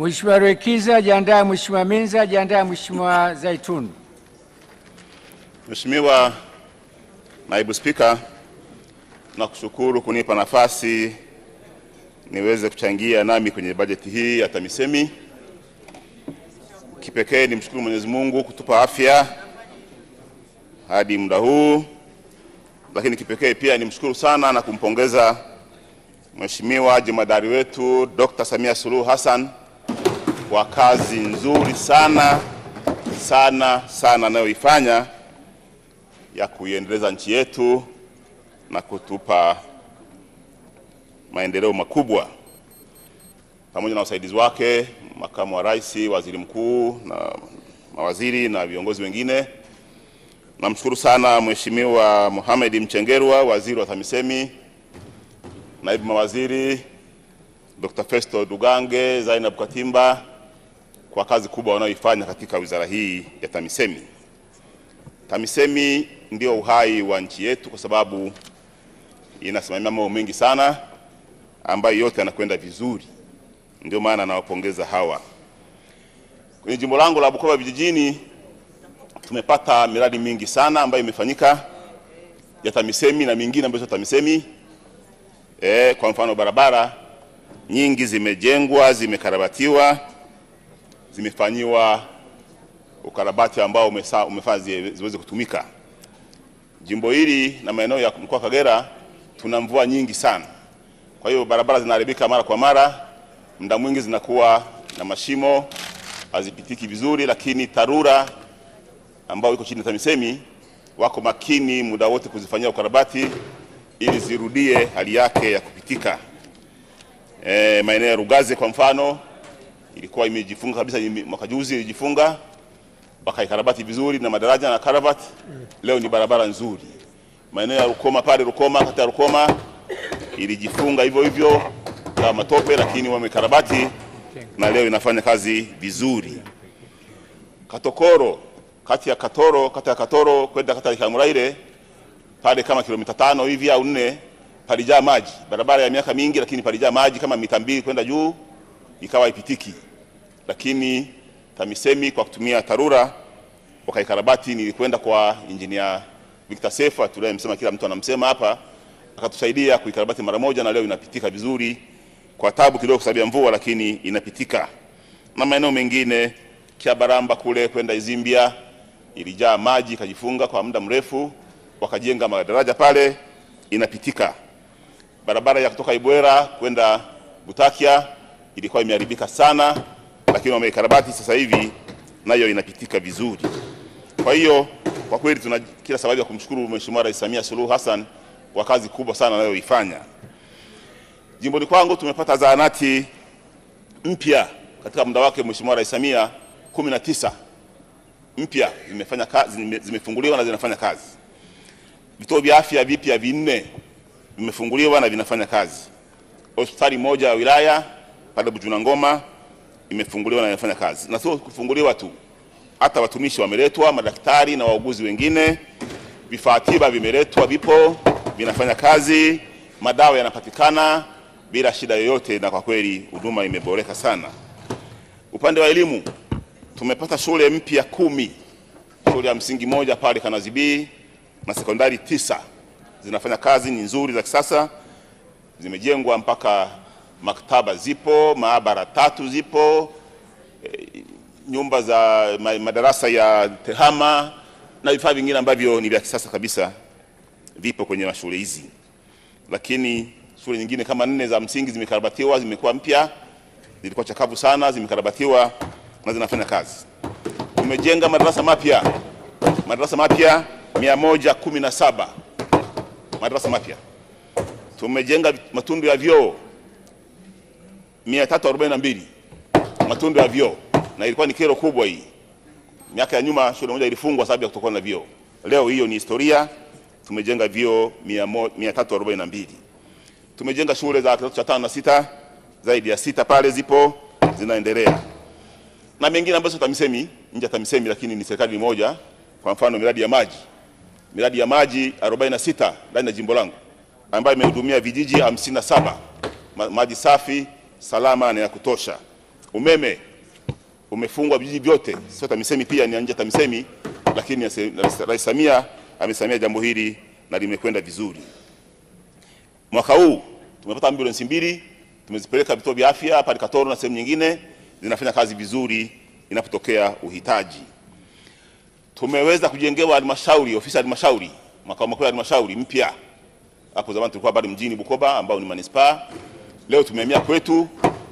Mheshimiwa Rwekiza jiandae, Mheshimiwa Minza jiandae, Mheshimiwa Zaitun. Mheshimiwa Naibu Spika, nakushukuru kunipa nafasi niweze kuchangia nami kwenye bajeti hii ya TAMISEMI. Kipekee nimshukuru Mwenyezi Mungu kutupa afya hadi muda huu, lakini kipekee pia nimshukuru sana na kumpongeza Mheshimiwa jemadari wetu Dr. Samia Suluhu Hassan kwa kazi nzuri sana sana sana anayoifanya ya kuiendeleza nchi yetu na kutupa maendeleo makubwa, pamoja na wasaidizi wake, makamu wa rais, waziri mkuu na mawaziri na viongozi wengine. Namshukuru sana Mheshimiwa Mohamed Mchengerwa, waziri wa TAMISEMI, naibu mawaziri Dr. Festo Dugange, Zainab Katimba kwa kazi kubwa wanayoifanya katika wizara hii ya TAMISEMI. TAMISEMI ndio uhai wa nchi yetu, kwa sababu inasimamia mambo mengi sana ambayo yote yanakwenda vizuri, ndio maana nawapongeza hawa. Kwenye jimbo langu la Bukoba vijijini tumepata miradi mingi sana ambayo imefanyika ya TAMISEMI na mingine ambayo sio TAMISEMI. E, kwa mfano barabara nyingi zimejengwa, zimekarabatiwa zimefanyiwa ukarabati ambao umefanya ziweze kutumika. Jimbo hili na maeneo ya mkoa wa Kagera tuna mvua nyingi sana, kwa hiyo barabara zinaharibika mara kwa mara, muda mwingi zinakuwa na mashimo, hazipitiki vizuri, lakini TARURA ambao iko chini ya TAMISEMI wako makini muda wote kuzifanyia ukarabati ili zirudie hali yake ya kupitika. E, maeneo ya Rugaze kwa mfano ilikuwa imejifunga kabisa mwaka juzi ilijifunga, ikarabati vizuri na madaraja na karabati. Leo ni barabara nzuri, maeneo ya Rukoma pale, Rukoma kata ya Rukoma ilijifunga hivyo hivyo kama matope, lakini wamekarabati na leo inafanya kazi vizuri. Katokoro kati ya Katoro kata ya Katoro kwenda kata ya Kamuraire pale kama kilomita tano hivi au nne palijaa maji, barabara ya miaka mingi, lakini palijaa maji kama mita mbili kwenda juu, ikawa ipitiki lakini TAMISEMI kwa kutumia TARURA wakaikarabati. Nilikwenda kwa injinia Victor Sefa tuliyemsema, kila mtu anamsema hapa, akatusaidia kuikarabati mara moja, na leo inapitika vizuri kwa tabu kidogo kwa sababu ya mvua, lakini inapitika. Na maeneo mengine Kyabaramba kule kwenda Izimbia ilijaa maji ikajifunga kwa muda mrefu, wakajenga madaraja pale, inapitika. Barabara ya kutoka Ibwera kwenda Butakia ilikuwa imeharibika sana, lakini wameikarabati sasa hivi nayo inapitika vizuri. Kwa hiyo kwa kweli tuna kila sababu ya kumshukuru Mheshimiwa Rais Samia Suluhu Hassan kwa kazi kubwa sana anayoifanya. Jimboni kwangu tumepata zahanati mpya katika muda wake Mheshimiwa Rais Samia, kumi na tisa mpya zimefanya kazi, zimefunguliwa na zinafanya kazi. Vituo vya afya vipya vinne vimefunguliwa na vinafanya kazi. Hospitali moja ya wilaya pale ngoma imefunguliwa na inafanya kazi, na sio kufunguliwa tu, hata watumishi wameletwa, madaktari na wauguzi wengine, vifaa tiba vimeletwa, vipo vinafanya kazi, madawa yanapatikana bila shida yoyote, na kwa kweli huduma imeboreka sana. Upande wa elimu tumepata shule mpya kumi, shule ya msingi moja pale Kanazibi na sekondari tisa zinafanya kazi, ni nzuri za kisasa, zimejengwa mpaka maktaba zipo, maabara tatu zipo, e, nyumba za madarasa ya tehama na vifaa vingine ambavyo ni vya kisasa kabisa vipo kwenye shule hizi, lakini shule nyingine kama nne za msingi zimekarabatiwa, zimekuwa mpya, zilikuwa chakavu sana, zimekarabatiwa na zinafanya kazi. Tumejenga madarasa mapya madarasa mapya 117 madarasa mapya. Tumejenga matundu ya vyoo 342 matundu ya vyoo, na ilikuwa ni kero kubwa hii. Miaka ya nyuma shule moja ilifungwa sababu ya kutokuwa na vyoo. Leo hiyo ni historia, tumejenga vyoo 342. Tumejenga shule za kidato cha tano na sita, zaidi ya sita pale zipo zinaendelea, na mengine ambayo sio TAMISEMI, nje ya TAMISEMI, lakini ni serikali moja. Kwa mfano miradi ya maji, miradi ya maji 46 ndani ya jimbo langu ambayo imehudumia vijiji 57 maji safi salama na ya kutosha. Umeme umefungwa vijiji vyote, sio TAMISEMI pia ni nje TAMISEMI, lakini Rais Samia amesamia jambo hili na limekwenda vizuri. Mwaka huu tumepata ambulensi mbili, tumezipeleka vituo vya afya hapa Katoro na sehemu nyingine, zinafanya kazi vizuri inapotokea uhitaji. Tumeweza kujengewa halmashauri, ofisi ya halmashauri, makao makuu ya halmashauri mpya. Hapo zamani tulikuwa bado mjini Bukoba ambao ni manispaa Leo tumehamia kwetu,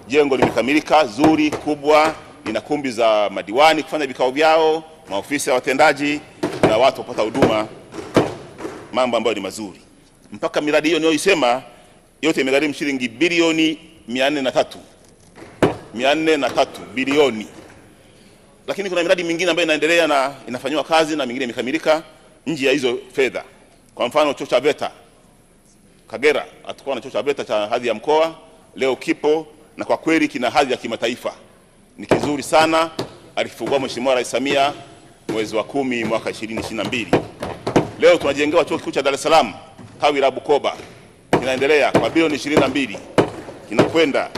jengo limekamilika zuri kubwa, lina kumbi za madiwani kufanya vikao vyao, maofisa ya watendaji na watu wapata huduma, mambo ambayo ni mazuri. Mpaka miradi hiyo niyoisema yote imegharimu shilingi bilioni 403 403 bilioni, lakini kuna miradi mingine ambayo inaendelea na inafanyiwa kazi na mingine imekamilika nje ya hizo fedha. Kwa mfano chuo cha VETA Kagera, hatakuwa na chuo cha VETA cha hadhi ya mkoa leo kipo na kwa kweli kina hadhi ya kimataifa, ni kizuri sana. alifungua Mheshimiwa Rais Samia mwezi wa kumi mwaka 2022. Leo tunajengewa chuo kikuu cha Dar es Salaam tawi la Bukoba, kinaendelea kwa bilioni 22, kinakwenda.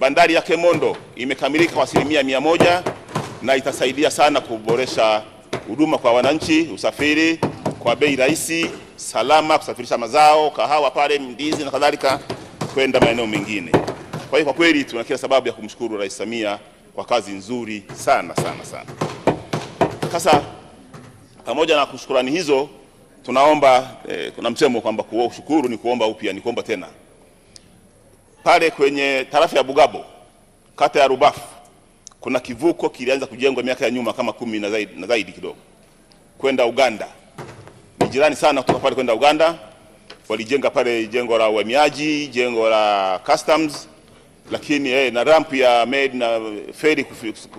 Bandari ya Kemondo imekamilika kwa asilimia mia moja na itasaidia sana kuboresha huduma kwa wananchi, usafiri kwa bei rahisi, salama, kusafirisha mazao, kahawa pale, ndizi na kadhalika kwenda maeneo mengine. Kwa hiyo kwa kweli tuna kila sababu ya kumshukuru Rais Samia kwa kazi nzuri sana sana sana. Sasa pamoja na kushukurani hizo tunaomba eh, kuna msemo kwamba kushukuru ni kuomba upya, ni kuomba tena. Pale kwenye tarafa ya Bugabo kata ya Rubafu kuna kivuko kilianza kujengwa miaka ya nyuma kama kumi na zaidi, na zaidi kidogo kwenda Uganda, ni jirani sana kutoka pale kwenda Uganda walijenga pale jengo la uhamiaji, jengo la customs, lakini eh, na ramp ya made na feri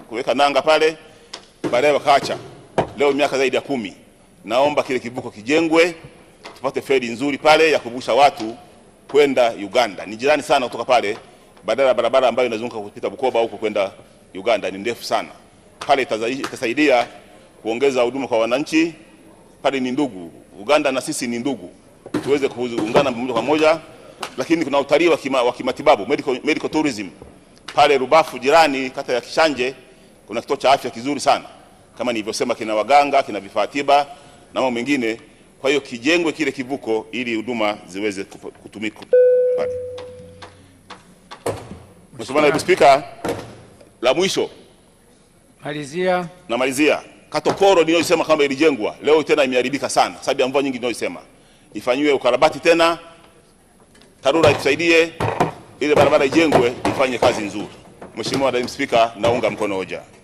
kuweka nanga pale, baadaye wakaacha. Leo miaka zaidi ya kumi, naomba kile kivuko kijengwe, tupate feri nzuri pale ya kuvusha watu kwenda Uganda. Ni jirani sana kutoka pale, badala ya barabara ambayo inazunguka kupita Bukoba huko kwenda Uganda, ni ndefu sana pale. Itasaidia kuongeza huduma kwa wananchi pale, ni ndugu Uganda na sisi ni ndugu tuweze kuungana moja kwa moja, lakini kuna utalii wa kima, kimatibabu medical, medical tourism pale Rubafu jirani kata ya Kishanje kuna kituo cha afya kizuri sana kama nilivyosema, kina waganga, kina vifaa tiba na mambo mengine. Kwa hiyo kijengwe kile kivuko ili huduma ziweze kutumika pale. Mheshimiwa Naibu Spika, la mwisho malizia, namalizia Katokoro niliyosema kwamba ilijengwa leo tena imeharibika sana sababu ya mvua nyingi niliyosema ifanyiwe ukarabati tena, TARURA itusaidie, ile barabara ijengwe ifanye kazi nzuri. Mheshimiwa Naibu Spika, naunga mkono hoja.